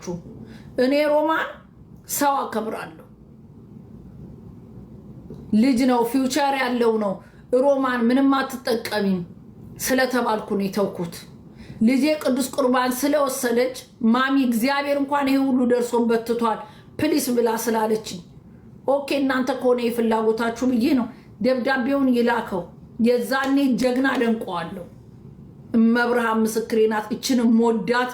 ልንገራችሁ፣ እኔ ሮማን ሰው አከብራለሁ። ልጅ ነው ፊውቸር ያለው ነው። ሮማን ምንም አትጠቀሚም ስለተባልኩ ነው የተውኩት። ልጄ ቅዱስ ቁርባን ስለወሰደች ማሚ እግዚአብሔር እንኳን ይሄ ሁሉ ደርሶበት ትቷል ፕሊስ ብላ ስላለችኝ፣ ኦኬ እናንተ ከሆነ የፍላጎታችሁ ብዬ ነው ደብዳቤውን ይላከው። የዛኔ ጀግና ደንቀዋለሁ። እመብርሃን ምስክሬ ናት። እችን ሞዳት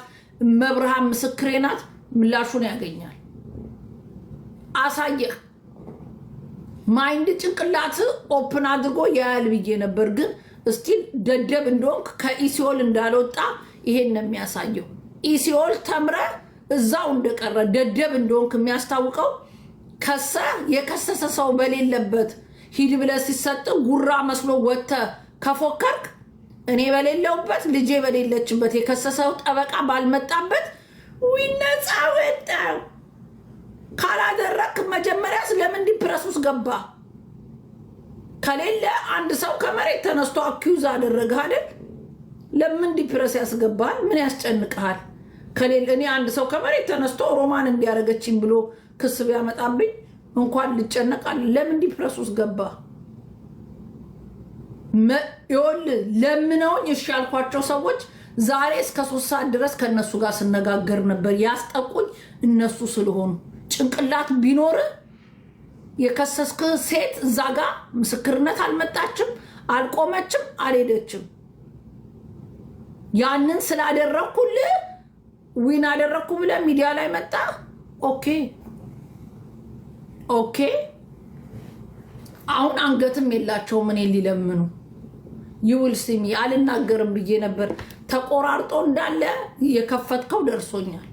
መብርሃን ምስክሬ ናት። ምላሹን ያገኛል። አሳየህ ማይንድ ጭንቅላት ኦፕን አድርጎ ያያል ብዬ ነበር፣ ግን እስቲል ደደብ እንደሆንክ ከኢሲኦል እንዳልወጣ ይሄን ነው የሚያሳየው። ኢሲኦል ተምረ እዛው እንደቀረ ደደብ እንደሆንክ የሚያስታውቀው ከሰ የከሰሰ ሰው በሌለበት ሂድ ብለህ ሲሰጥ ጉራ መስሎ ወጥተህ ከፎከርክ እኔ በሌለውበት ልጄ በሌለችበት የከሰሰው ጠበቃ ባልመጣበት ዊነፃ ወጣው ካላደረክ መጀመሪያ ስለምን ዲፕረስ ውስጥ ገባ ከሌለ አንድ ሰው ከመሬት ተነስቶ አኪዩዝ አደረግህ አይደል? ለምን ዲፕረስ ያስገባሃል? ምን ያስጨንቀሃል? ከሌለ እኔ አንድ ሰው ከመሬት ተነስቶ ሮማን እንዲያደረገችኝ ብሎ ክስ ቢያመጣብኝ እንኳን ልጨነቃል። ለምን ዲፕረስ ውስጥ ገባ? ይኸውልህ ለምነውን እሺ ያልኳቸው ሰዎች ዛሬ እስከ ሶስት ሰዓት ድረስ ከእነሱ ጋር ስነጋገር ነበር። ያስጠቁኝ እነሱ ስለሆኑ ጭንቅላት ቢኖር የከሰስክ ሴት እዛ ጋር ምስክርነት አልመጣችም፣ አልቆመችም፣ አልሄደችም። ያንን ስላደረግኩልህ ዊን አደረግኩ ብለህ ሚዲያ ላይ መጣ። ኦኬ ኦኬ። አሁን አንገትም የላቸውም እኔን ሊለምኑ ይውል ስሚ አልናገርም ብዬ ነበር። ተቆራርጦ እንዳለ የከፈትከው ደርሶኛል።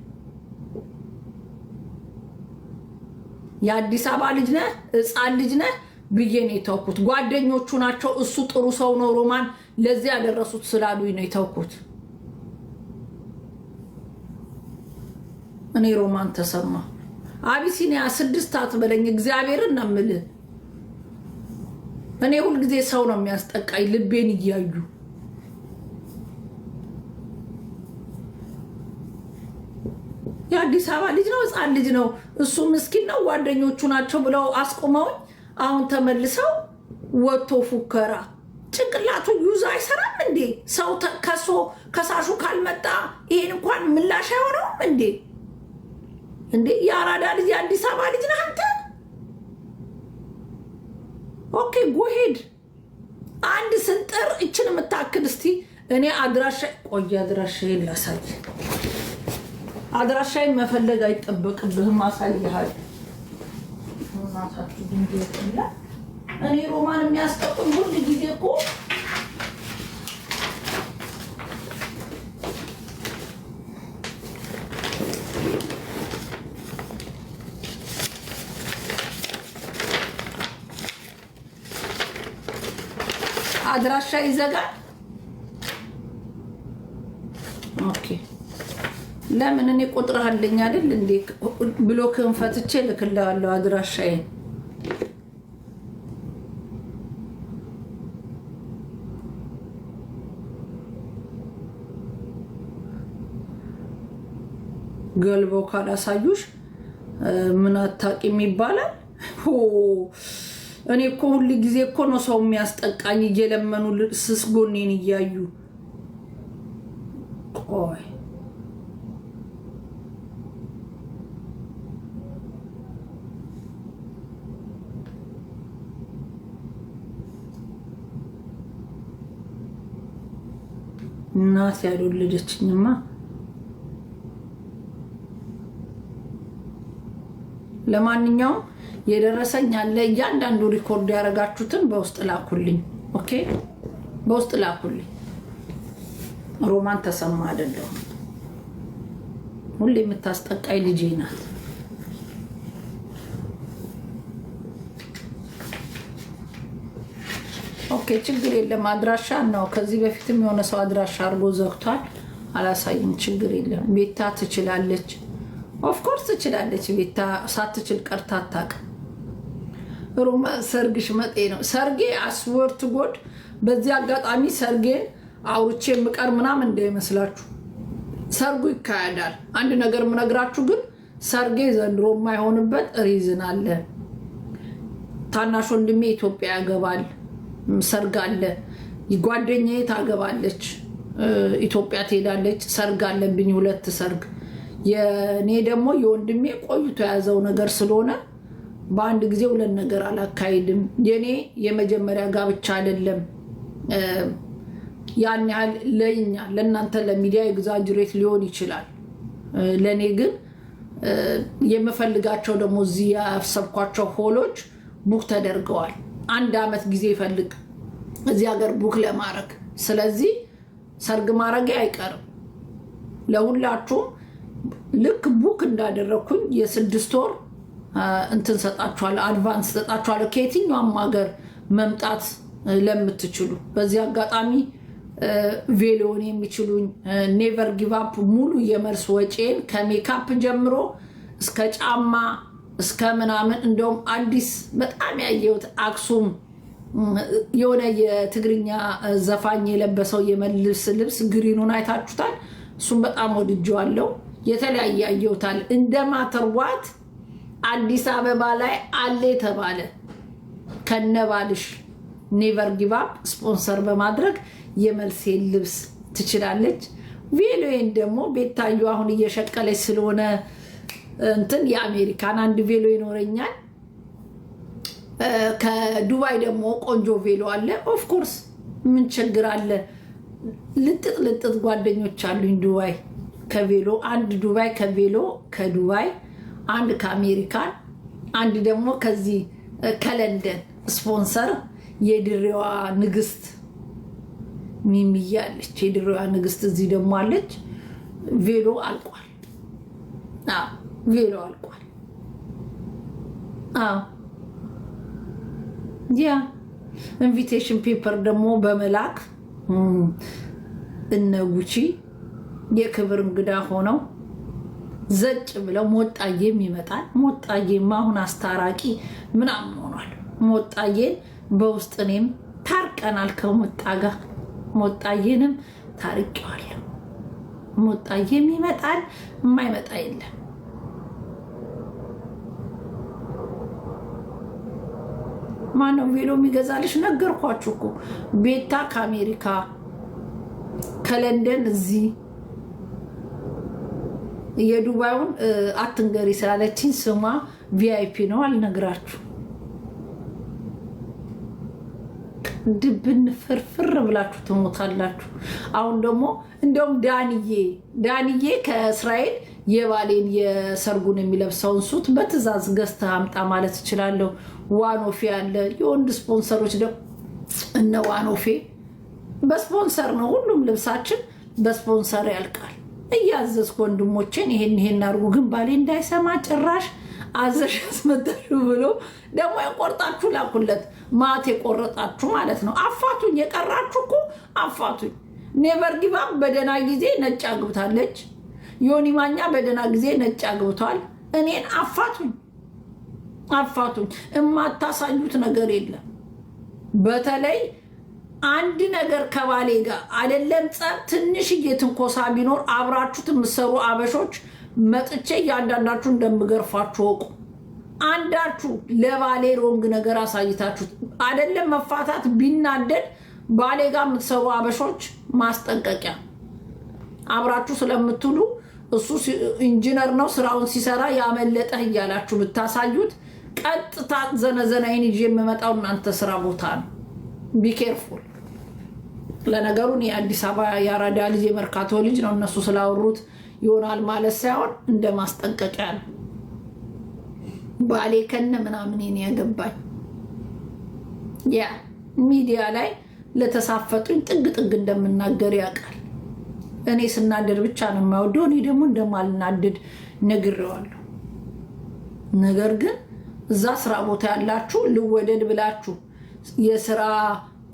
የአዲስ አበባ ልጅ ነህ፣ ሕፃን ልጅ ነህ ብዬ ነው የተውኩት። ጓደኞቹ ናቸው እሱ ጥሩ ሰው ነው ሮማን ለዚህ ያደረሱት ስላሉኝ ነው የተውኩት። እኔ ሮማን ተሰማ አቢሲኒያ ስድስት አትበለኝ እግዚአብሔርን ነው የምልህ። እኔ ሁልጊዜ ሰው ነው የሚያስጠቃኝ ልቤን እያዩ የአዲስ አበባ ልጅ ነው ህፃን ልጅ ነው እሱ ምስኪን ነው ጓደኞቹ ናቸው ብለው አስቆመውኝ አሁን ተመልሰው ወጥቶ ፉከራ ጭንቅላቱ ዩዝ አይሰራም እንዴ ሰው ከሶ ከሳሹ ካልመጣ ይሄን እንኳን ምላሽ አይሆነውም እንዴ እንዴ የአራዳ ልጅ የአዲስ አበባ ልጅ ነህ አንተ ኦኬ ጎሄድ አንድ ስንጥር እችን የምታክል እስቲ እኔ አድራሻ ቆይ አድራሻዬን ላሳይ። አድራሻዬን መፈለግ አይጠበቅብህም። አሳይሃል እኔ ሮማን የሚያስጠቁኝ ሁል ጊዜ እኮ አድራሻ ይዘጋል። ኦኬ ለምን እኔ ቁጥር አለኝ አይደል እንዴ? ብሎክህን ፈትቼ እልክልሃለሁ አድራሻዬን። ገልበው ካላሳዩሽ ምን አታውቂም ይባላል። እኔ እኮ ሁል ጊዜ እኮ ነው ሰው የሚያስጠቃኝ እየለመኑ ስስ ጎኔን እያዩ። ቆይ እናት ያልወለደችኝማ ለማንኛውም የደረሰኝ ያለ እያንዳንዱ ሪኮርድ ያደረጋችሁትን በውስጥ ላኩልኝ። ኦኬ፣ በውስጥ ላኩልኝ። ሮማን ተሰማ አይደለሁም። ሁሌ የምታስጠቃይ ልጄ ናት። ኦኬ፣ ችግር የለም። አድራሻ ነው። ከዚህ በፊትም የሆነ ሰው አድራሻ አድርጎ ዘግቷል። አላሳይም። ችግር የለም። ቤታ ትችላለች። ኦፍኮርስ ትችላለች። ቤታ ሳትችል ቀርታ አታውቅም። ሮማ ሰርግሽ መጤ ነው። ሰርጌ አስወርት ጎድ በዚህ አጋጣሚ ሰርጌን አውርቼ የምቀር ምናምን እንዳይመስላችሁ ሰርጉ ይካሄዳል። አንድ ነገር የምነግራችሁ ግን ሰርጌ ዘንድሮ የማይሆንበት ሪዝን አለ። ታናሽ ወንድሜ ኢትዮጵያ ያገባል፣ ሰርግ አለ። ጓደኛዬ ታገባለች፣ ኢትዮጵያ ትሄዳለች፣ ሰርግ አለብኝ፣ ሁለት ሰርግ የእኔ ደግሞ የወንድሜ ቆይቶ የያዘው ነገር ስለሆነ በአንድ ጊዜ ሁለት ነገር አላካሄድም። የኔ የመጀመሪያ ጋብቻ አይደለም። ያን ያህል ለኛ ለእናንተ ለሚዲያ ኤግዛጅሬት ሊሆን ይችላል። ለእኔ ግን የምፈልጋቸው ደግሞ እዚህ ያሰብኳቸው ሆሎች ቡክ ተደርገዋል። አንድ አመት ጊዜ ይፈልግ እዚህ ሀገር ቡክ ለማድረግ ስለዚህ ሰርግ ማድረጌ አይቀርም ለሁላችሁም ልክ ቡክ እንዳደረግኩኝ የስድስት ወር እንትን ሰጣችኋል፣ አድቫንስ ሰጣችኋል። ከየትኛውም ሀገር መምጣት ለምትችሉ በዚህ አጋጣሚ ቬሎን የሚችሉኝ ኔቨር ጊቫፕ ሙሉ የመርስ ወጪን ከሜካፕ ጀምሮ እስከ ጫማ እስከ ምናምን እንደውም አዲስ በጣም ያየሁት አክሱም የሆነ የትግርኛ ዘፋኝ የለበሰው የመልስ ልብስ ግሪኑን አይታችሁታል። እሱም በጣም ወድጀዋለው። የተለያየ አየውታል። እንደ ማተርዋት አዲስ አበባ ላይ አለ የተባለ ከነባልሽ ኔቨር ጊቫፕ ስፖንሰር በማድረግ የመልሴ ልብስ ትችላለች። ቬሎዌን ደግሞ ቤታዩ አሁን እየሸቀለች ስለሆነ እንትን የአሜሪካን አንድ ቬሎ ይኖረኛል። ከዱባይ ደግሞ ቆንጆ ቬሎ አለ። ኦፍኮርስ ምን ችግር አለ? ልጥጥ ልጥጥ ጓደኞች አሉኝ ዱባይ ከቬሎ አንድ ዱባይ ከቬሎ ከዱባይ አንድ ከአሜሪካን አንድ ደግሞ ከዚህ ከለንደን ስፖንሰር የድሬዋ ንግስት ሚሚያለች። የድሬዋ ንግስት እዚህ ደግሞ አለች። ቬሎ አልቋል። ቬሎ አልቋል። ያ ኢንቪቴሽን ፔፐር ደግሞ በመላክ እነ ጉቺ የክብር እንግዳ ሆነው ዘጭ ብለው ሞጣዬም ይመጣል። ሞጣዬም አሁን አስታራቂ ምናምን ሆኗል። ሞጣዬን በውስጥ እኔም ታርቀናል ከሞጣ ጋር ሞጣዬንም ታርቄዋለሁ። ሞጣዬም ይመጣል፣ የማይመጣ የለም። ማነው ቬሎ የሚገዛልሽ? ነገርኳችሁ እኮ ቤታ ከአሜሪካ ከለንደን እዚህ የዱባዩን አትንገሪ ስላለችኝ ስማ ቪአይፒ ነው አልነግራችሁ። ድብን ፍርፍር ብላችሁ ትሞታላችሁ። አሁን ደግሞ እንደውም ዳንዬ ዳንዬ ከእስራኤል የባሌን የሰርጉን የሚለብሰውን ሱት በትዕዛዝ ገዝተህ አምጣ ማለት እችላለሁ። ዋኖፌ አለ የወንድ ስፖንሰሮች ደ እነ ዋኖፌ በስፖንሰር ነው ሁሉም ልብሳችን በስፖንሰር ያልቃል። እያዘዝኩ ወንድሞቼን ይሄን ይሄን አድርጉ፣ ግን ባሌ እንዳይሰማ ጭራሽ አዘሽ ያስመጣሹ ብሎ ደግሞ የቆርጣችሁ ላኩለት። ማት የቆረጣችሁ ማለት ነው። አፋቱኝ፣ የቀራችሁ እኮ አፋቱኝ። ኔቨር ጊቫም በደህና ጊዜ ነጭ አግብታለች። ዮኒ ማኛ በደህና ጊዜ ነጭ አግብቷል። እኔን አፋቱኝ፣ አፋቱኝ። እማታሳዩት ነገር የለም በተለይ አንድ ነገር ከባሌ ጋር አይደለም ጸብ፣ ትንሽዬ ትንኮሳ ቢኖር አብራችሁት የምትሰሩ አበሾች መጥቼ እያንዳንዳችሁ እንደምገርፋችሁ ወቁ። አንዳችሁ ለባሌ ሮንግ ነገር አሳይታችሁት አይደለም መፋታት ቢናደድ ባሌ ጋር የምትሰሩ አበሾች ማስጠንቀቂያ አብራችሁ ስለምትሉ እሱ ኢንጂነር ነው ስራውን ሲሰራ ያመለጠህ እያላችሁ ብታሳዩት ቀጥታ ዘነዘናይን ይዤ የምመጣው እናንተ ስራ ቦታ ነው። ቢኬርፉል ለነገሩ የአዲስ አበባ የአራዳ ልጅ የመርካቶ ልጅ ነው። እነሱ ስላወሩት ይሆናል ማለት ሳይሆን እንደ ማስጠንቀቂያ ነው። ባሌ ከነ ምናምን ያገባኝ ያ ሚዲያ ላይ ለተሳፈጡኝ ጥግ ጥግ እንደምናገር ያውቃል። እኔ ስናደድ ብቻ ነው የማይወደው። እኔ ደግሞ እንደማልናድድ ነግሬዋለሁ። ነገር ግን እዛ ስራ ቦታ ያላችሁ ልወደድ ብላችሁ የስራ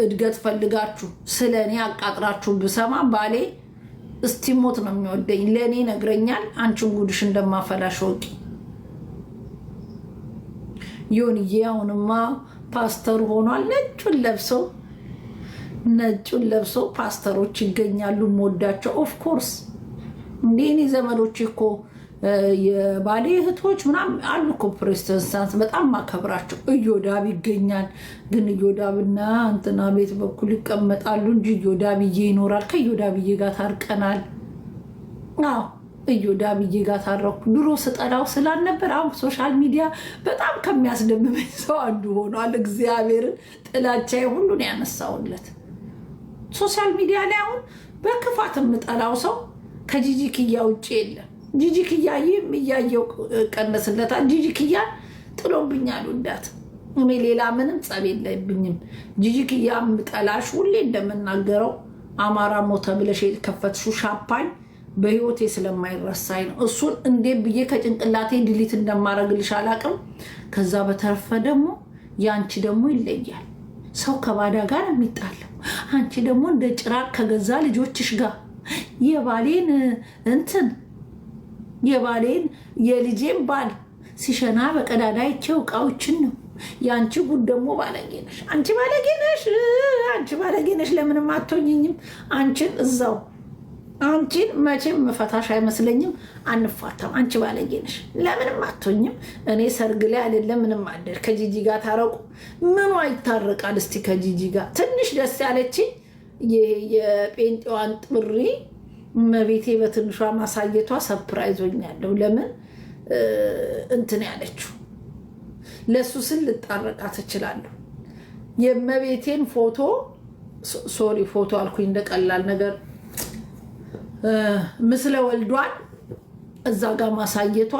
እድገት ፈልጋችሁ ስለ እኔ አቃጥራችሁ ብሰማ ባሌ እስቲሞት ነው የሚወደኝ። ለእኔ ነግረኛል አንቺን ጉድሽ እንደማፈላሽ ወቂ። ዮንዬ አሁንማ ፓስተር ሆኗል። ነጩን ለብሶ ነጩን ለብሶ ፓስተሮች ይገኛሉ። ሞዳቸው ኦፍኮርስ እንዲህ እኔ ዘመዶች እኮ የባሌ እህቶች ምናምን አሉ እኮ ፕሮቴስታንት በጣም ማከብራቸው እዮዳብ ይገኛል። ግን እዮዳብና እንትና ቤት በኩል ይቀመጣሉ እንጂ እዮዳብዬ ይኖራል። ከእዮዳብዬ ጋር ታርቀናል። አዎ እዮዳብዬ ጋር ታረኩ። ድሮ ስጠላው ስላልነበር አሁን ሶሻል ሚዲያ በጣም ከሚያስደምመኝ ሰው አንዱ ሆኗል። እግዚአብሔርን ጥላቻዬ ሁሉን ያነሳውለት ሶሻል ሚዲያ ላይ አሁን በክፋት የምጠላው ሰው ከጂጂክያ ውጭ የለም። ጂጂ ክያ ይህም እያየው ቀነስለታል። ጂጂ ክያ ጥሎብኛል ውዳት እኔ ሌላ ምንም ጸብ የለብኝም። ጂጂ ክያ ምጠላሽ ሁሌ እንደምናገረው አማራ ሞተ ብለሽ የከፈትሽው ሻምፓኝ በህይወቴ ስለማይረሳኝ ነው። እሱን እንዴት ብዬ ከጭንቅላቴ ድሊት እንደማረግልሽ አላቅም። ከዛ በተረፈ ደግሞ የአንቺ ደግሞ ይለያል። ሰው ከባዳ ጋር የሚጣለው አንቺ ደግሞ እንደ ጭራቅ ከገዛ ልጆችሽ ጋር የባሌን እንትን የባሌን የልጄን ባል ሲሸና በቀዳዳቸው እቃዎችን ነው። የአንቺ ጉድ ደግሞ ባለጌ ነሽ፣ አንቺ ባለጌ ነሽ፣ አንቺ ባለጌ ነሽ። ለምንም አንቺን እዛው አንቺን መቼም መፈታሽ አይመስለኝም። አንፋታም። አንቺ ባለጌ ነሽ፣ ለምንም አትሆኝም። እኔ ሰርግ ላይ አይደለም ምንም አደር ከጂጂ ጋር ታረቁ። ምኗ ይታረቃል? እስቲ ከጂጂ ጋር ትንሽ ደስ ያለች የጴንጤዋን ጥሪ መቤቴ በትንሿ ማሳየቷ ሰፕራይዞኛለሁ። ለምን እንትን ያለችው ለእሱ ስል ልጣረቃ ትችላለሁ? የመቤቴን ፎቶ ሶሪ ፎቶ አልኩኝ እንደቀላል ነገር ምስለ ወልዷን እዛ ጋር ማሳየቷ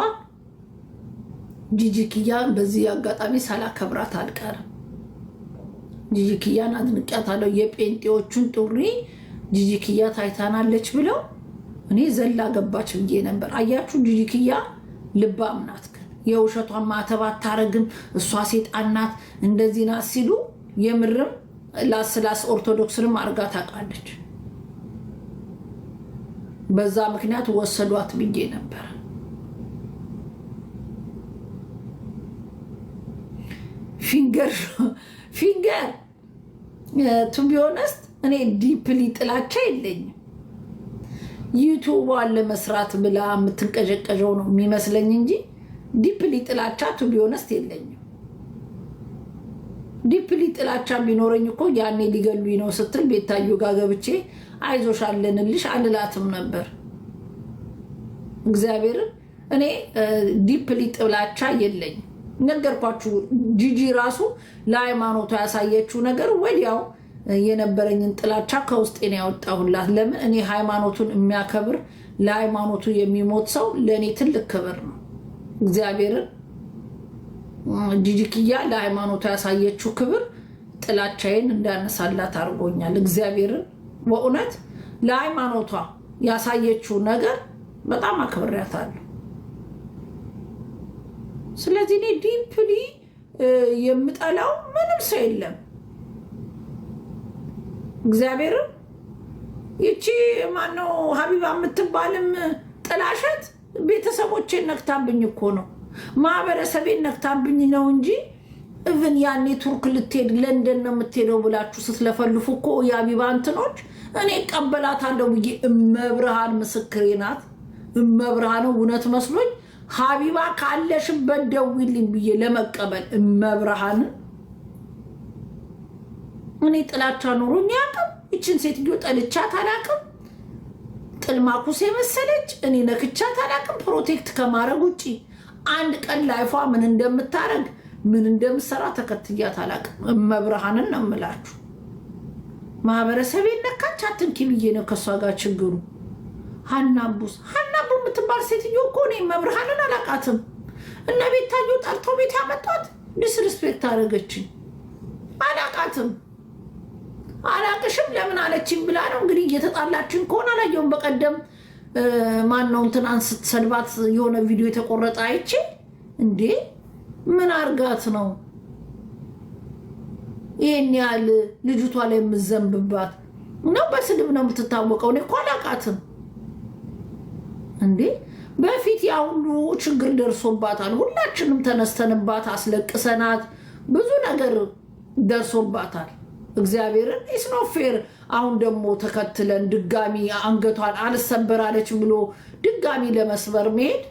ጂጂክያን በዚህ አጋጣሚ ሳላከብራት አልቀርም። ጂጂክያን አለው የጴንጤዎቹን ጥሪ ጂጂክያ ታይታናለች ብለው እኔ ዘላ ገባች ብዬ ነበር። አያችሁ ጂጂክያ ልባም ናት፣ ግን የውሸቷን ማተብ አታረግም። እሷ ሴጣን ናት፣ እንደዚህ ናት ሲሉ የምርም ላስላስ ኦርቶዶክስንም አርጋ ታውቃለች። በዛ ምክንያት ወሰዷት ብዬ ነበር። ፊንገር ፊንገር ቱ ቢ እኔ ዲፕሊ ጥላቻ የለኝም። ዩቱቧን ለመስራት ብላ የምትንቀዠቀዠው ነው የሚመስለኝ እንጂ ዲፕሊ ጥላቻ ቱ ቢሆነስት የለኝም። ዲፕሊ ጥላቻ ቢኖረኝ እኮ ያኔ ሊገሉኝ ነው ስትል ቤታዩ ጋ ገብቼ አይዞሽ አለንልሽ አልላትም ነበር። እግዚአብሔርን እኔ ዲፕሊ ጥላቻ የለኝም። ነገርኳችሁ። ጂጂ ራሱ ለሃይማኖቷ ያሳየችው ነገር ወዲያው የነበረኝን ጥላቻ ከውስጤን ያወጣሁላት። ለምን እኔ ሃይማኖቱን የሚያከብር ለሃይማኖቱ የሚሞት ሰው ለእኔ ትልቅ ክብር ነው። እግዚአብሔርን ጂጂክያ ለሃይማኖቱ ያሳየችው ክብር ጥላቻዬን እንዳነሳላት አድርጎኛል። እግዚአብሔርን በእውነት ለሃይማኖቷ ያሳየችው ነገር በጣም አክብሬያታለሁ። ስለዚህ እኔ ዲፕሊ የምጠላው ምንም ሰው የለም። እግዚአብሔርን ይቺ ማነው ሀቢባ የምትባልም ጥላሸት ቤተሰቦቼን ነክታብኝ እኮ ነው፣ ማህበረሰቤን ነክታብኝ ነው እንጂ እብን ያኔ ቱርክ ልትሄድ ለንደን ነው የምትሄደው ብላችሁ ስትለፈልፉ እኮ የሀቢባ እንትኖች እኔ ቀበላታለሁ ብዬ እመብርሃን ምስክሬ ናት። እመብርሃን እውነት መስሎኝ ሀቢባ ካለሽበት ደዊልኝ ብዬ ለመቀበል እመብርሃንን እኔ ጥላቻ ኖሮኝ አያውቅም። ይችን ሴትዮ ጠልቻት አላውቅም። ጥልማኩስ የመሰለች እኔ ነክቻት አላውቅም። ፕሮቴክት ከማድረግ ውጭ አንድ ቀን ላይፏ ምን እንደምታረግ ምን እንደምሰራ ተከትያት አላውቅም። መብርሃንን ነው የምላችሁ። ማህበረሰብ ነካች አትንኪ ብዬ ነው ከእሷ ጋር ችግሩ። ሀናቡስ ሀናቡ የምትባል ሴትዮ እኮ እኔ መብርሃንን አላውቃትም። እነ ቤታዮ ጠርቶ ቤት ያመጧት ዲስሪስፔክት አደረገችኝ። አላውቃትም። አላቅሽም ለምን አለችኝ ብላ ነው እንግዲህ እየተጣላችን ከሆነ አላየውም። በቀደም ማን ነው እንትናን ስትሰድባት የሆነ ቪዲዮ የተቆረጠ አይቼ እንዴ ምን አርጋት ነው ይህን ያህል ልጅቷ ላይ የምዘንብባት ነው? በስድብ ነው የምትታወቀው። እኔ እኮ አላቃትም እንዴ በፊት ያ ሁሉ ችግር ደርሶባታል። ሁላችንም ተነስተንባት አስለቅሰናት፣ ብዙ ነገር ደርሶባታል። እግዚአብሔርን ኢስኖፌር አሁን ደግሞ ተከትለን ድጋሚ አንገቷን አልሰበራለች ብሎ ድጋሚ ለመስበር መሄድ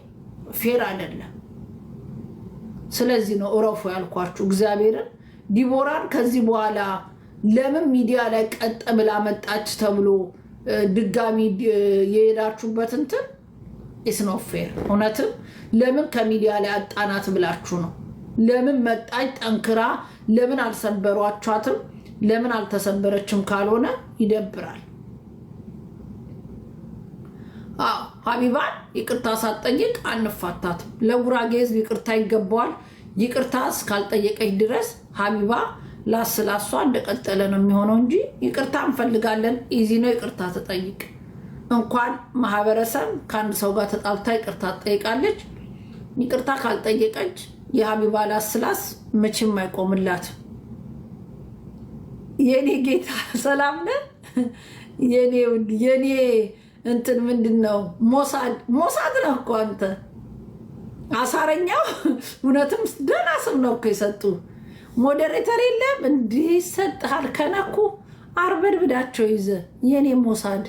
ፌር አይደለም። ስለዚህ ነው እረፉ ያልኳችሁ። እግዚአብሔርን ዲቦራን ከዚህ በኋላ ለምን ሚዲያ ላይ ቀጥ ብላ መጣች ተብሎ ድጋሚ የሄዳችሁበት እንትን ኢስኖፌር እውነትም ለምን ከሚዲያ ላይ አጣናት ብላችሁ ነው። ለምን መጣች ጠንክራ ለምን አልሰንበሯችኋትም? ለምን አልተሰበረችም ካልሆነ ይደብራል። አዎ ሀቢባን ይቅርታ ሳትጠይቅ አንፋታትም። ለጉራጌ ህዝብ ይቅርታ ይገባዋል። ይቅርታ እስካልጠየቀች ድረስ ሀቢባ ላስላሷ እንደቀጠለ ነው የሚሆነው እንጂ ይቅርታ እንፈልጋለን። ኢዚ ነው። ይቅርታ ተጠይቅ። እንኳን ማህበረሰብ ከአንድ ሰው ጋር ተጣልታ ይቅርታ ትጠይቃለች። ይቅርታ ካልጠየቀች የሀቢባ ላስላስ መቼም አይቆምላትም። የኔ ጌታ ሰላም ነህ? የኔ እንትን ምንድን ነው? ሞሳድ ሞሳድ ነህ እኮ አንተ አሳረኛው። እውነትም ደህና ስም ነው እኮ የሰጡ። ሞዴሬተር የለም እንዲህ ይሰጥሃል። ከነኩ አርበድብዳቸው ይዘ የኔ ሞሳድ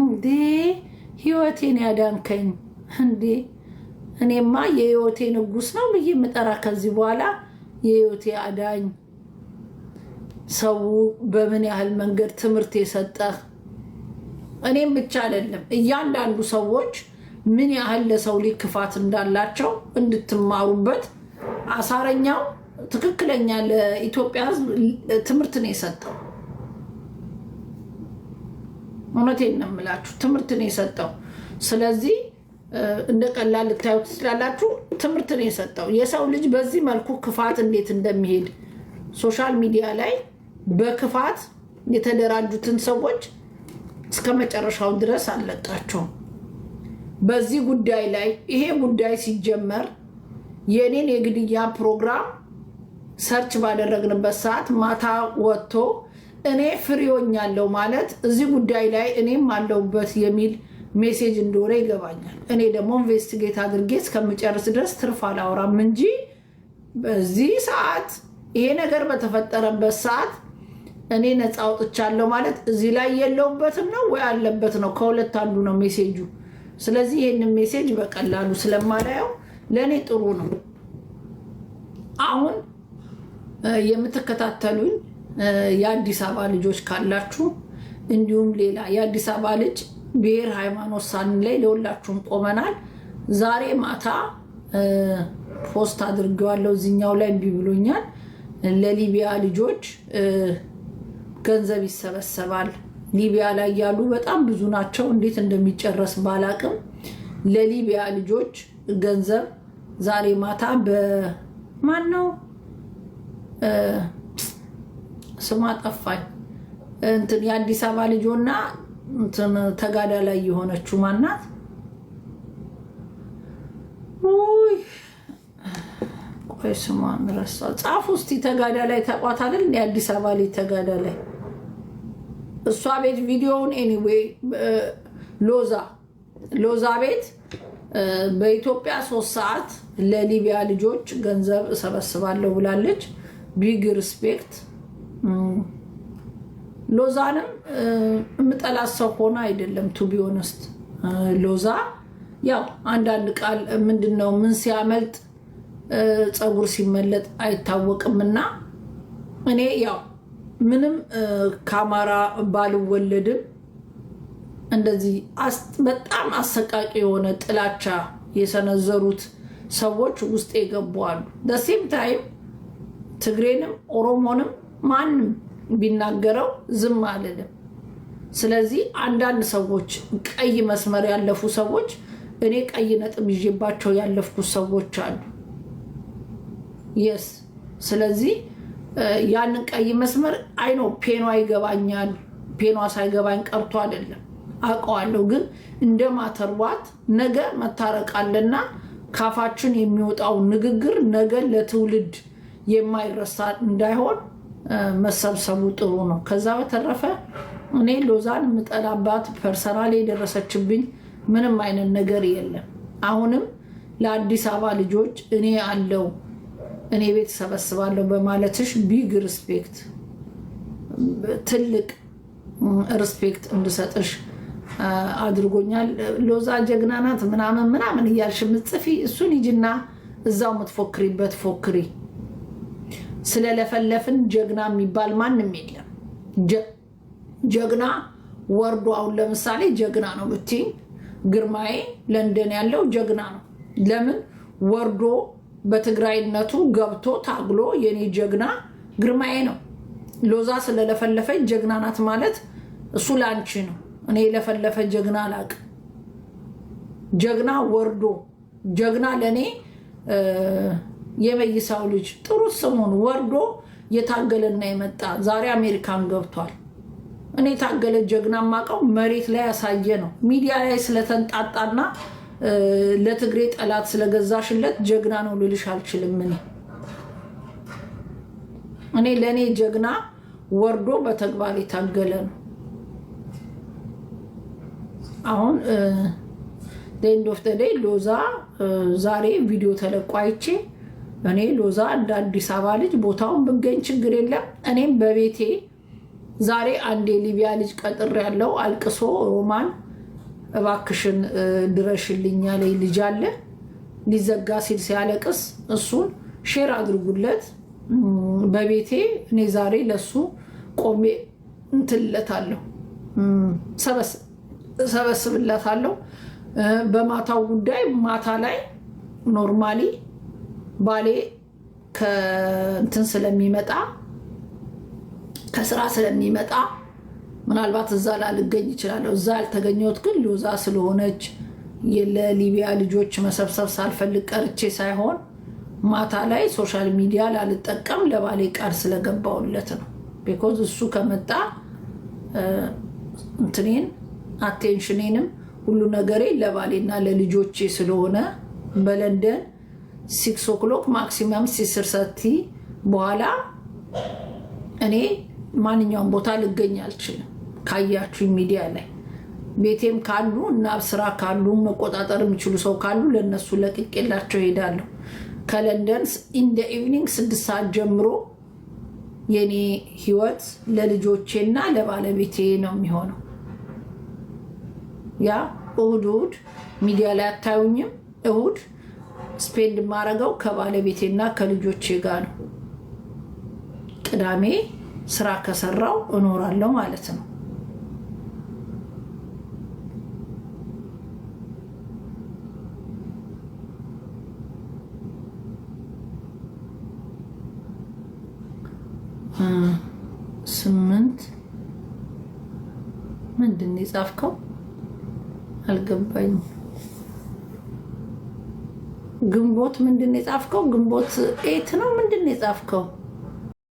እንዴ ህይወቴን ያዳንከኝ እንዴ! እኔማ የህይወቴ ንጉስ ነው ብዬ የምጠራ ከዚህ በኋላ የህይወቴ አዳኝ ሰው በምን ያህል መንገድ ትምህርት የሰጠህ እኔም ብቻ አይደለም እያንዳንዱ ሰዎች ምን ያህል ለሰው ልጅ ክፋት እንዳላቸው እንድትማሩበት አሳረኛው ትክክለኛ ለኢትዮጵያ ሕዝብ ትምህርት ነው የሰጠው። እውነቴን ነው የምላችሁ፣ ትምህርት ነው የሰጠው። ስለዚህ እንደ ቀላል ልታዩት ትችላላችሁ። ትምህርት ነው የሰጠው። የሰው ልጅ በዚህ መልኩ ክፋት እንዴት እንደሚሄድ ሶሻል ሚዲያ ላይ በክፋት የተደራጁትን ሰዎች እስከ መጨረሻው ድረስ አልለቃቸውም። በዚህ ጉዳይ ላይ ይሄ ጉዳይ ሲጀመር የእኔን የግድያ ፕሮግራም ሰርች ባደረግንበት ሰዓት ማታ ወጥቶ እኔ ፍሬዎኛለሁ ማለት እዚህ ጉዳይ ላይ እኔም አለሁበት የሚል ሜሴጅ እንደሆነ ይገባኛል። እኔ ደግሞ ኢንቨስቲጌት አድርጌ እስከምጨርስ ድረስ ትርፍ አላወራም እንጂ በዚህ ሰዓት ይሄ ነገር በተፈጠረበት ሰዓት እኔ ነፃ አውጥቻለሁ ማለት እዚህ ላይ የለውበትም ነው ወይ አለበት ነው? ከሁለት አንዱ ነው ሜሴጁ። ስለዚህ ይህንን ሜሴጅ በቀላሉ ስለማላየው ለእኔ ጥሩ ነው። አሁን የምትከታተሉኝ የአዲስ አበባ ልጆች ካላችሁ እንዲሁም ሌላ የአዲስ አበባ ልጅ ብሔር ሃይማኖት ላይ ለሁላችሁም ቆመናል። ዛሬ ማታ ፖስት አድርጌዋለሁ። እዚኛው ላይ እምቢ ብሎኛል። ለሊቢያ ልጆች ገንዘብ ይሰበሰባል። ሊቢያ ላይ ያሉ በጣም ብዙ ናቸው። እንዴት እንደሚጨረስ ባላቅም ለሊቢያ ልጆች ገንዘብ ዛሬ ማታ በማን ነው ስማ ጠፋኝ፣ እንትን የአዲስ አበባ ልጆና እንትን ተጋዳ ላይ የሆነችው ማናት? ውይ ቆይ ስሟን ረሳሁ። ጻፉ እስኪ ተጋዳ ላይ ተቋት አይደል? የአዲስ አበባ ልጅ ተጋዳ ላይ እሷ ቤት ቪዲዮውን ኤኒዌይ ሎዛ ሎዛ ቤት በኢትዮጵያ ሶስት ሰዓት ለሊቢያ ልጆች ገንዘብ እሰበስባለሁ ብላለች። ቢግ ሪስፔክት። ሎዛንም የምጠላት ሰው ሆነ አይደለም። ቱ ቢሆንስት ሎዛ ያው አንዳንድ ቃል ምንድን ነው ምን ሲያመልጥ ፀጉር ሲመለጥ አይታወቅምና እኔ ያው ምንም ከአማራ ባልወለድም እንደዚህ በጣም አሰቃቂ የሆነ ጥላቻ የሰነዘሩት ሰዎች ውስጥ የገቡ አሉ። ደሴም ታይም ትግሬንም ኦሮሞንም ማንም ቢናገረው ዝም አልልም። ስለዚህ አንዳንድ ሰዎች ቀይ መስመር ያለፉ ሰዎች እኔ ቀይ ነጥብ ይዤባቸው ያለፍኩት ሰዎች አሉ የስ ስለዚህ ያንን ቀይ መስመር አይኖ ፔኗ ይገባኛል። ፔኗ ሳይገባኝ ቀርቶ አይደለም አውቀዋለሁ። ግን እንደ ማተርባት ነገ አለና ካፋችን የሚወጣው ንግግር ነገ ለትውልድ የማይረሳ እንዳይሆን መሰብሰቡ ጥሩ ነው። ከዛ በተረፈ እኔ ሎዛን የምጠላባት ፐርሰናል የደረሰችብኝ ምንም አይነት ነገር የለም። አሁንም ለአዲስ አበባ ልጆች እኔ አለው እኔ ቤት ሰበስባለሁ በማለትሽ ቢግ ሪስፔክት፣ ትልቅ ሪስፔክት እንድሰጥሽ አድርጎኛል። ሎዛ ጀግና ናት ምናምን ምናምን እያልሽ ምጽፊ እሱን ሂጂና እዛው የምትፎክሪበት ፎክሪ። ስለለፈለፍን ጀግና የሚባል ማንም የለም። ጀግና ወርዶ አሁን ለምሳሌ ጀግና ነው ብትይ ግርማዬ ለንደን ያለው ጀግና ነው። ለምን ወርዶ በትግራይነቱ ገብቶ ታግሎ የኔ ጀግና ግርማዬ ነው። ሎዛ ስለለፈለፈች ጀግና ናት ማለት እሱ ላንቺ ነው። እኔ የለፈለፈ ጀግና ላቅ ጀግና ወርዶ ጀግና ለእኔ የመይሳው ልጅ ጥሩ ስሙን ወርዶ የታገለና የመጣ ዛሬ አሜሪካን ገብቷል። እኔ የታገለ ጀግና ማቀው መሬት ላይ ያሳየ ነው። ሚዲያ ላይ ስለተንጣጣና ለትግሬ ጠላት ስለገዛሽለት ጀግና ነው ልልሽ አልችልም። እኔ እኔ ለእኔ ጀግና ወርዶ በተግባር የታገለ ነው። አሁን ኤንድ ኦፍ ሎዛ ዛሬ ቪዲዮ ተለቆ አይቼ እኔ ሎዛ እንደ አዲስ አበባ ልጅ ቦታውን ብገኝ ችግር የለም እኔም በቤቴ ዛሬ አንድ የሊቢያ ልጅ ቀጥር ያለው አልቅሶ ሮማን እባክሽን ድረሽልኝ ላይ ልጅ አለ። ሊዘጋ ሲል ሲያለቅስ እሱን ሼር አድርጉለት። በቤቴ እኔ ዛሬ ለሱ ቆሜ ሰበስብለት ሰበስብለታለሁ። በማታው ጉዳይ ማታ ላይ ኖርማሊ ባሌ ከእንትን ስለሚመጣ ከስራ ስለሚመጣ ምናልባት እዛ ላልገኝ እችላለሁ። እዛ ያልተገኘሁት ግን ሎዛ ስለሆነች ለሊቢያ ልጆች መሰብሰብ ሳልፈልግ ቀርቼ ሳይሆን ማታ ላይ ሶሻል ሚዲያ ላልጠቀም ለባሌ ቃል ስለገባውለት ነው። ቢኮዝ እሱ ከመጣ እንትኔን አቴንሽኔንም ሁሉ ነገሬ ለባሌና ለልጆቼ ስለሆነ በለንደን ሲክስ ኦክሎክ ማክሲመም ሲስር ሰቲ በኋላ እኔ ማንኛውም ቦታ ልገኝ አልችልም። ካያችሁ ሚዲያ ላይ ቤቴም ካሉ እና ስራ ካሉ መቆጣጠር የሚችሉ ሰው ካሉ ለእነሱ ለቅቄላቸው ይሄዳለሁ። ከለንደን ኢንደ ኢቭኒንግ ስድስት ሰዓት ጀምሮ የኔ ህይወት ለልጆቼና ለባለቤቴ ነው የሚሆነው። ያ እሁድ እሁድ ሚዲያ ላይ አታዩኝም። እሁድ ስፔንድ የማደርገው ከባለቤቴና ከልጆቼ ጋር ነው። ቅዳሜ ስራ ከሰራው እኖራለሁ ማለት ነው። የጻፍከው አልገባኝ። ግንቦት ምንድን ነው የጻፍከው? ግንቦት ኤት ነው ምንድን ነው የጻፍከው?